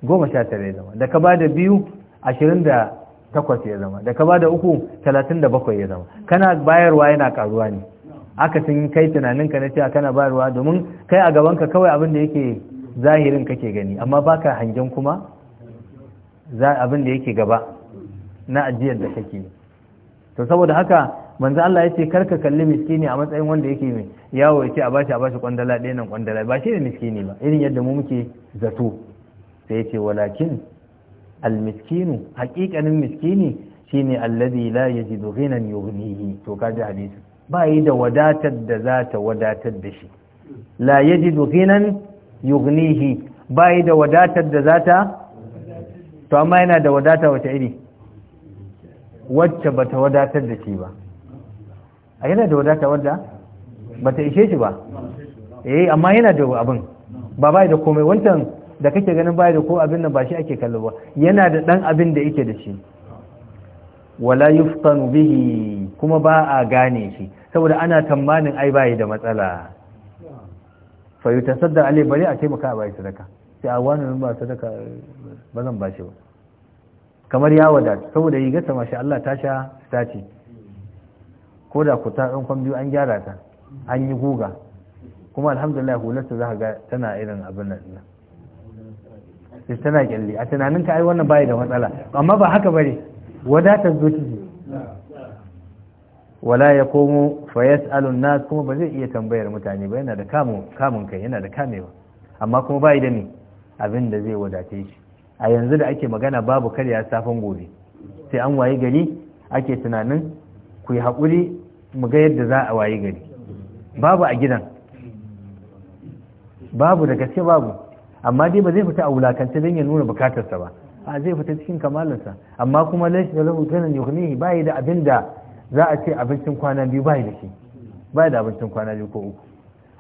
goma sha tara ya zama da ka ba da biyu ashirin da takwas ya zama da ka ba da uku talatin da bakwai ya zama kana bayarwa yana karuwa ne aka sun kai tunaninka na cewa kana bayarwa domin kai a gaban ka kawai abin da yake zahirin kake gani amma baka hangen kuma za abin da yake gaba na ajiyar da kake yi to saboda haka manzo Allah ya ce karka kalli miskini a matsayin wanda yake mai yawo ya a bashi a bashi kwandala ɗaya nan kwandala ba shi ne miskini ba irin yadda mu muke zato sai yace ce walakin almiskinu hakikanin miskini shine allazi la yajidu ghinan yughnihi to kaji hadisi ba yi da wadatar da za ta wadatar da shi la yajidu ghinan yughnihi ba yi da wadatar da za ta to amma yana da wadata wata iri wacce bata wadatar da shi ba a yana da wadata wadda ba ta ishe shi ba eh amma yana da abin ba bai da komai wancan da kake ganin bai da ko abin nan ba shi ake kallo ba yana da dan abin da yake da shi wala yuftanu bihi kuma ba a gane shi saboda ana tamanin ai bai da matsala fa yutasadda alai bari a taimaka a bai sadaka sai a wani nan ba sadaka ba zan ba shi ba kamar ya wadata saboda yi gasa mashi Allah ta sha sati ko da ku ta ɗan biyu an gyara ta an yi guga kuma alhamdulillah hulasta za ka ga tana irin abin nan sai tana kyalli a tunanin ka ai wannan bai da matsala amma ba haka bane wadatar ji wala ya komo yas'alu alun kuma ba zai iya tambayar mutane ba yana da kamun kai yana da kamewa amma kuma bai da ni abin da zai wadace shi a yanzu da ake magana babu karya safin gobe sai an waye gari ake tunanin ku yi haƙuri mu ga yadda za a waye gari babu a gidan babu da gaske babu amma dai ba zai fita a wulakance don ya nuna bukatarsa ba a zai fita cikin kamalinsa amma kuma lashi da lahu tunan yuhnihi yi da abin da za a ce abincin kwana biyu bayi da shi bayi da abincin kwana biyu ko uku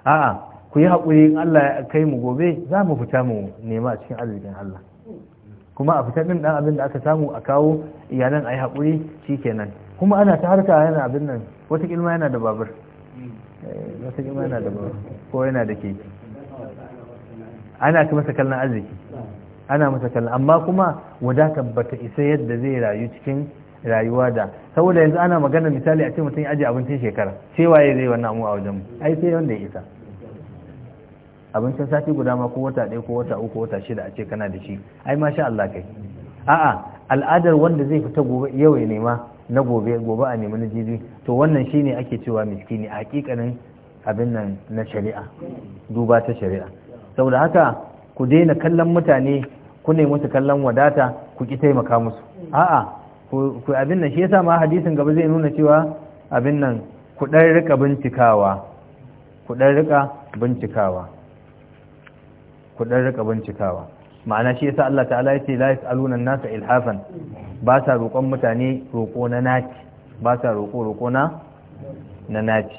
a'a ku yi haƙuri in Allah ya kai mu gobe za mu fita mu nema a cikin arzikin Allah kuma a fita din dan abin da aka samu a kawo iyalan ayi haƙuri shikenan kuma ana ta harka yana abin nan wata kilma yana da babur eh, wata kilma yana da babur ko yana da keke ana ka masa kallon arziki ana masa kallon amma kuma wadatar bata isa yadda zai rayu cikin rayuwa da saboda yanzu ana magana misali a ce mutum ya aje abincin shekara sai waye zai wannan amu a wajen mu ai sai wanda ya isa abincin sati guda ma ko wata ɗaya ko wata uku wata shida a ce kana da shi ai masha Allah kai a'a al'adar wanda zai fita gobe yau ya nema na gobe gobe a nemi na jibi to wannan shine ake cewa miskini a hakikanin abin nan na shari'a duba ta shari'a saboda haka ku daina kallon mutane ku ne musu kallon wadata ku ki taimaka musu a'a ku abin nan shi yasa ma hadisin gaba zai nuna cewa abin nan ku dan rika bincikawa ku dan rika bincikawa ku dan rika bincikawa ma'ana shi yasa Allah ta'ala yace la yasaluna an-nasa ilhafan ba sa roƙon mutane roƙo na naci ba sa roƙo roƙo na na naci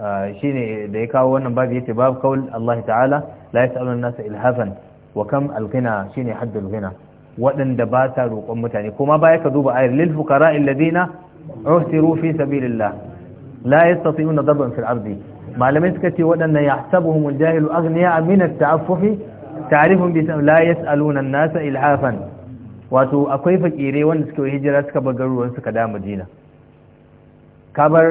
ah, shine da ya kawo wannan babu yace babu kaul Allah ta'ala la yasaluna an-nasa ilhafan wa kam al shi ne haddul ghina waɗanda ba sa roƙon mutane kuma baya ka duba ayar lil fuqara alladhina uhsiru fi sabilillah la yastati'una darban fil ardi malamai suka ce waɗannan yahsabuhumul jahilu aghniya min at-ta'affufi ta'rifun bi la yas'aluna an-nasa ilhafan wato akwai fakire wanda suka yi hijira suka bar garuruwan suka da Madina ka bar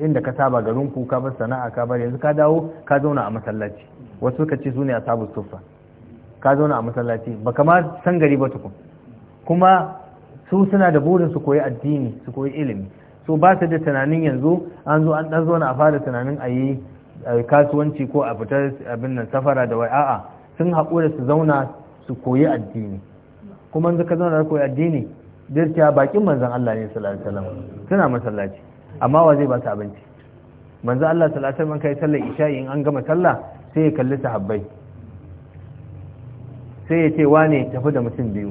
inda ka saba garin ku ka bar sana'a ka bar yanzu ka dawo ka zauna a masallaci wasu suka ce su a ashabu suffa ka zauna a masallaci ba kama san gari ba tukun kuma su suna da burin su koyi addini su koyi ilimi so ba ta da tunanin yanzu an zo an ɗan zauna a fara tunanin a yi kasuwanci ko a fitar abin nan safara da wai a'a sun haƙura su zauna su koyi addini kuma in ka zauna koyi addini dirkiya bakin manzon Allah ne sallallahu alaihi wasallam suna masallaci amma wa zai ba su abinci manzon Allah sallallahu alaihi wasallam kai sallar isha in an gama sallah sai ya kalli sahabbai sai ya ce wane tafi da mutum biyu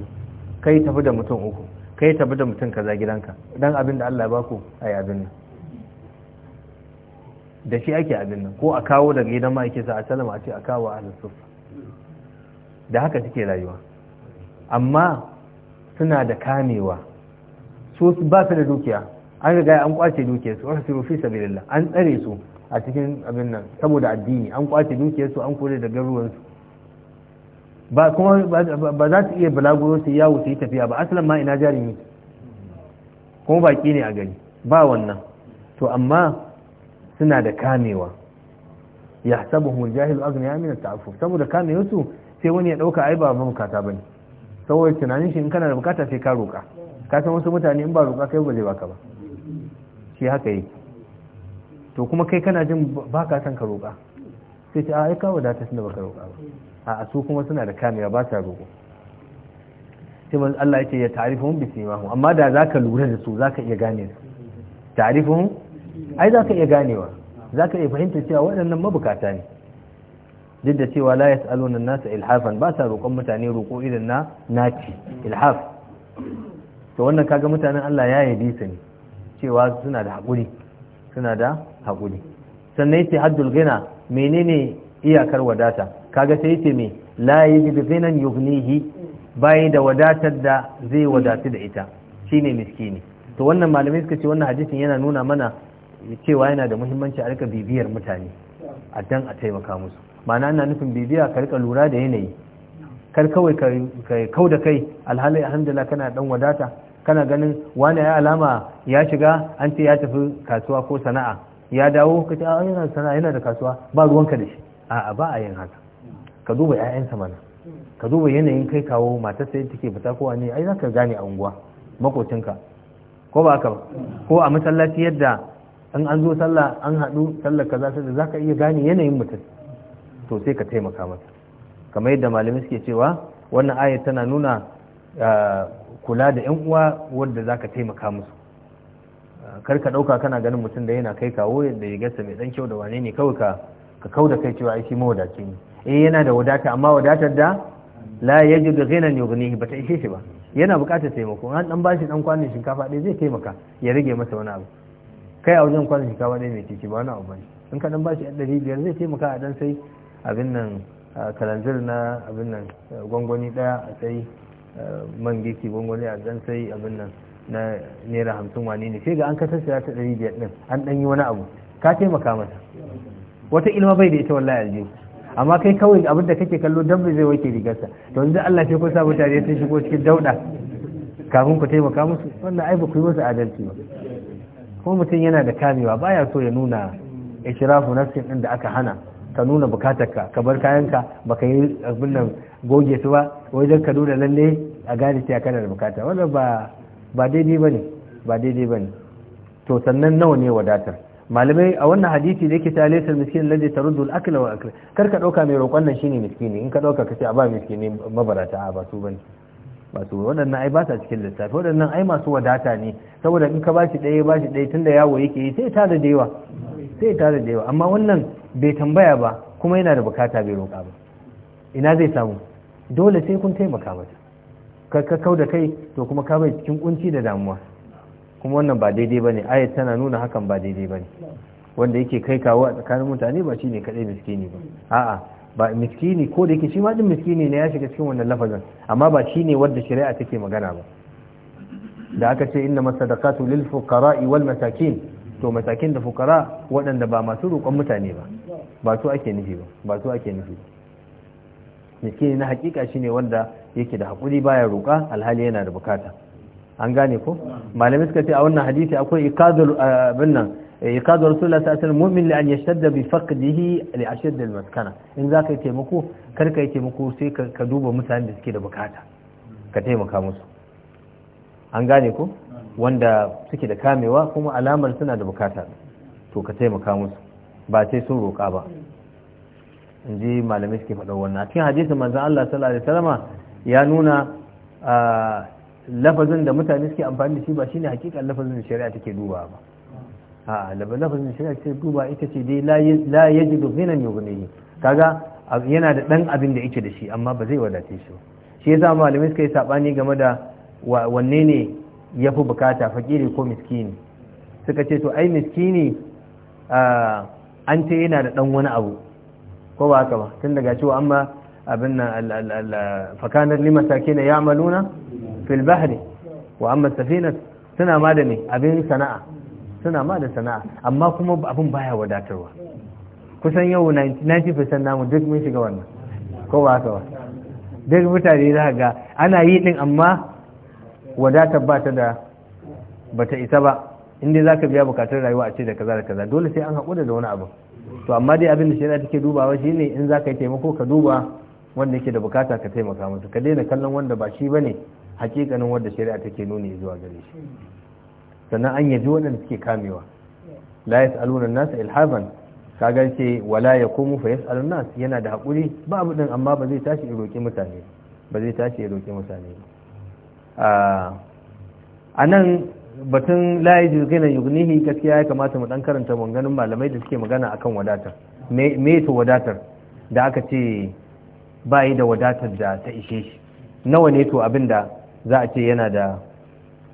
kai tafi da mutum uku kai tafi da mutum kaza gidanka dan abin da Allah ya baku yi abin nan da shi ake abin nan ko a kawo daga gidan ma'aike sa a salama a ce a kawo a da haka suke rayuwa amma suna da kamewa su ba su da dukiya an riga an kwace dukiya su wasu rufi sabilillah an tsare su a cikin abin nan saboda addini an kwace dukiyarsu su an kore da garuwansu ba kuma ba za ta iya balaguro su yawo su yi tafiya ba asalin ma ina jarumi kuma baki ne a gari ba wannan to amma suna da kamewa ya sabuhu jahil azmi ya mina ta'afu saboda kame su sai wani ya dauka ai ba mabukata bane saboda tunanin shi in kana da bukata sai ka roka ka san wasu mutane in ba roka kai ba zai baka ba shi haka yi to kuma kai kana jin baka san ka roka sai ce a ai ka wadata baka roƙa ba a su kuma suna da kamewa ba sa roƙo sai manzo Allah yake ya ta'rifuhum bi simahum amma da zaka lura da su zaka iya gane su ta'rifuhum ai zaka iya ganewa zaka iya fahimta cewa waɗannan mabukata ne duk da cewa la yas'aluna an-nasa ilhafan ba sa roƙon mutane roƙo irin na naci ilhaf to wannan kaga mutanen Allah ya yi bisa ne cewa suna da haƙuri suna da haƙuri sannan yace haddul gina menene iyakar wadata kaga sai yace me la yajidu ghinan yughnihi bai da wadatar da zai wadatu da ita shine miskini to wannan malamai suka ce wannan hadisin yana nuna mana cewa yana da muhimmanci a rika bibiyar mutane a dan a taimaka musu ma'ana ana nufin bibiya ka rika lura da yanayi kar kawai ka kau da kai alhali alhamdulillah kana dan wadata kana ganin wani ya alama ya shiga an ce ya tafi kasuwa ko sana'a ya dawo ka ce a ah, yana sana'a yana da kasuwa ba ruwanka da shi a'a ba a yin haka ka duba 'ya'yansa mana ka duba yanayin kai kawo matar sai take fita kowa ne ai zaka gane a unguwa makocinka ko ba ka ko a masallaci yadda in an zo sallah an haɗu sallar kaza sai zaka iya gane yanayin mutum to sai ka taimaka masa kamar yadda malamai suke cewa wannan aya tana nuna ah, kula da 'yan uwa wanda zaka taimaka musu kar ka dauka kana ganin mutum da yana kai kawo da ya gasa mai dan kyau da wane ne kawai ka ka kau da kai cewa aiki mawadaci ne eh yana da wadata amma wadatar da la yajid ghinan yughnihi bata ishe shi ba yana buƙatar taimako an dan bashi dan kwanin shinkafa ɗaya zai taimaka ya rage masa wani abu kai a wajen kwanin shinkafa ɗaya mai titi ba wani abu bane in ka dan bashi ɗari biyar zai taimaka a dan sai abin nan kalanzir na abin nan gwangwani ɗaya a sai man girki gwangwani a dan sai abin nan na naira hamsin wani ne sai ga an kasar ta ɗari biyar ɗin an ɗan yi wani abu ka taimaka masa wata ilma bai da ita wallahi aljihu amma kai kawai abin da kake kallo dan bai zai wake rigarsa to yanzu Allah sai kun sa mutane sun shigo cikin dauɗa kafin ku taimaka musu wannan ai ba yi masa adalci ba kuma mutum yana da kamewa baya so ya nuna ishrafu nafsin ɗin da aka hana ka nuna bukatarka ka bar kayanka ka yi abin goge su ba wai dan ka nuna lalle a gane cewa kana da bukata wannan ba ba daidai ba ne ba daidai ba ne to sannan nawa ne wadatar malamai a wannan hadisi da yake ta laisar miskin lalle ta rudu akila wa akila kar ka ɗauka mai roƙon nan shine miskini in ka ɗauka ka ce a ba miskini mabarata a ba su ba ne ba su waɗannan ai ba sa cikin lissafi waɗannan ai masu wadata ne saboda in ka ba shi ɗaya ba shi ɗaya tun da yawo yake yi sai ta da yawa sai ta da yawa amma wannan bai tambaya ba kuma yana da bukata bai roƙa ba ina zai samu dole sai kun taimaka mata ka kau da kai to kuma ka bai cikin kunci da damuwa kuma wannan ba daidai ba ne ayat tana nuna hakan ba daidai ba ne wanda yake kai kawo a tsakanin mutane ba shi ne kadai miskini ba a'a ba miskini ko da yake shi ma din miskini ne ya shiga cikin wannan lafazin amma ba shi ne wadda shari'a take magana ba da aka ce inna masadaqatu lil fuqara'i wal masakin to masakin da fuqara waɗanda ba masu roƙon mutane ba ba su ake nufi ba ba su ake nufi miskini na hakika shine wanda yake da hakuri baya roƙa alhali yana da bukata an gane ko malamai suka ce a wannan hadisi akwai ikadul abin nan ikadu rasulullah sallallahu alaihi mu'min li an yashadda bi faqdihi li ashadd al maskana in za ka yi taimako kar ka yi taimako sai ka duba mutanen da suke da bukata ka taimaka musu an gane ko wanda suke da kamewa kuma alamar suna da bukata to ka taimaka musu ba sai sun roƙa ba in ji malamai suke faɗa wannan cikin hadisin manzon Allah sallallahu alaihi wasallama ya nuna lafazin da mutane suke amfani da shi ba shine hakikan lafazin da shari'a take duba ba a lafazin da shari'a take duba ita ce dai la yajidu ghinan yughnihi kaga yana da dan abin da yake da shi amma ba zai wadace shi shi yasa malamai suka yi sabani game da wanne ne yafi bukata fakiri ko miskini suka ce to ai miskini an ce yana da dan wani abu ko ba haka ba tun daga cewa amma abin nan fakanar limata ke na yamaluna fil bahri wa amma safina suna ma da ne abin sana'a suna ma da sana'a amma kuma abin baya wadatarwa kusan yau 90% namu duk mun shiga wannan ko ba ka ba duk mutane za ga ana yi din amma wadatar ba ta da bata isa ba inda za ka biya bukatun rayuwa a ce da kaza da kaza dole sai an haƙura da wani abu to amma dai abin da shari'a take dubawa shine in za ka yi taimako ka duba wanda yake da bukata ka taimaka masa ka daina kallon wanda ba shi bane hakikanin wanda shari'a take nuni zuwa gare shi sannan an yaji wanda suke kamewa la yas'aluna an-nasa ilhaban kaga ce wala yakumu fa yas'alun nas yana da hakuri ba abu din amma ba zai tashi ya roki mutane ba zai tashi ya roki mutane a nan batun layi jirgin yugnihi gaskiya ya kamata mu dan karanta maganganun malamai da suke magana akan wadatar me to wadatar da aka ce ba yi da wadatar da ta ishe shi nawa ne to abin da za a ce yana da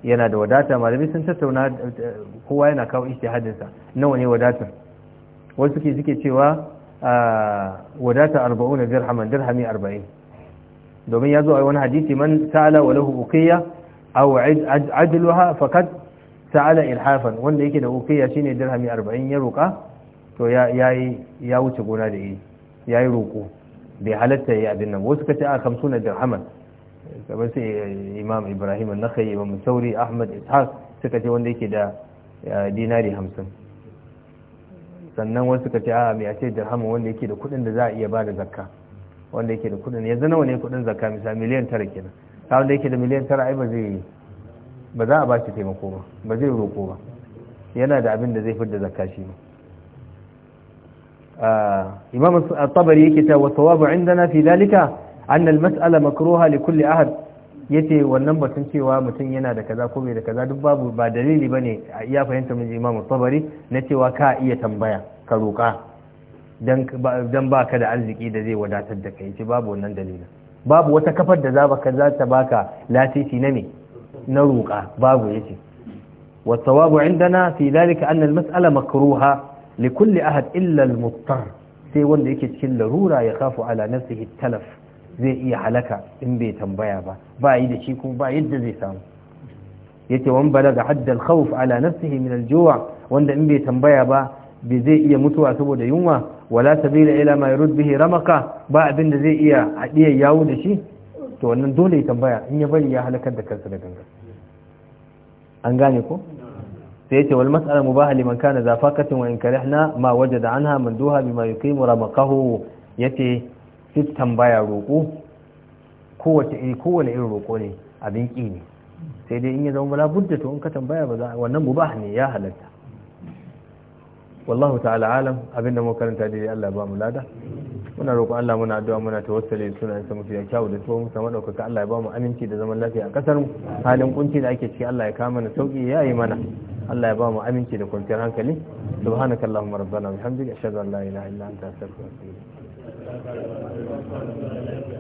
yana da wadata malami sun tattauna kowa yana kawo hadinsa nawa ne wadatar wasu suke suke cewa wadata 40 dirhaman dirhami arba'in domin ya zo a wani hadisi man ta'ala wa lahu uqiyya aw ajluha faqad ta'ala ilhafan wanda yake da uqiyya shine dirhami arba'in ya roka to ya ya wuce gona da yi ya yi roko bai halatta ya abin nan wasu kace a kamsu na dirhaman kamar sai imam ibrahim an-nakhai imam sauri ahmad ishaq suka ce wanda yake da eh, dinari hamsin sannan wasu suka ce a mai ce dirhaman wanda yake da kudin da za a iya bada zakka wanda yake da kudin yanzu nawa ne kudin zakka misali miliyan tara kenan ta wanda yake da miliyan tara ai ba zai ba za a ba shi taimako ba ba zai roko ba yana da abin da zai da zakka shi ba imam tabari yake ta wa sawabu indana fi dalika anna masala ahad yace wannan batun cewa mutum yana da kaza ko bai da kaza duk babu ba dalili bane a iya fahimta mun imam tabari na cewa ka iya tambaya ka roƙa dan dan baka da arziki da zai wadatar da kai ce babu wannan dalilin babu wata kafar da za ka za ta baka lasisi na me na roƙa babu yace wa sawabu indana fi dalika anna al-mas'ala makruha kulli ahad illa al sai wanda yake cikin larura ya kafu ala nafsihi talaf zai iya halaka in bai tambaya ba ba yi da shi kuma ba yadda zai samu ce wani balaga hadda al-khawf ala nafsihi min al wanda in bai tambaya ba bai zai iya mutuwa saboda yunwa wala sabila ila mai yurd bihi ramaka ba abin da zai iya hadiyar yawo da shi to wannan dole ya tambaya in ya bari ya halakar da kansa da ganga an gane ko sai yace wal mas'ala mubaha liman kana za faqatin wa in karihna ma wajada anha manduha bima yuqimu ramaqahu yace fit tambaya roko kowace iri wani irin roko ne abin ki ne sai dai in ya zama la budda to in ka tambaya ba za wannan mubah ne ya halatta wallahu ta'ala alam abinda mu karanta dai Allah ba mu lada muna roƙon Allah muna addu'a muna da suna sa mafi kyau da tuwo musamman ɗaukaka Allah ya ba mu aminci da zaman lafiya a ƙasar mu halin kunci da ake ciki Allah ya kama na sauki ya yi mana Allah ya ba mu aminci da kwanciyar hankali subhanaka allahumma rabbana bihamdika ashhadu an la ilaha illa anta astaghfiruka wa atubu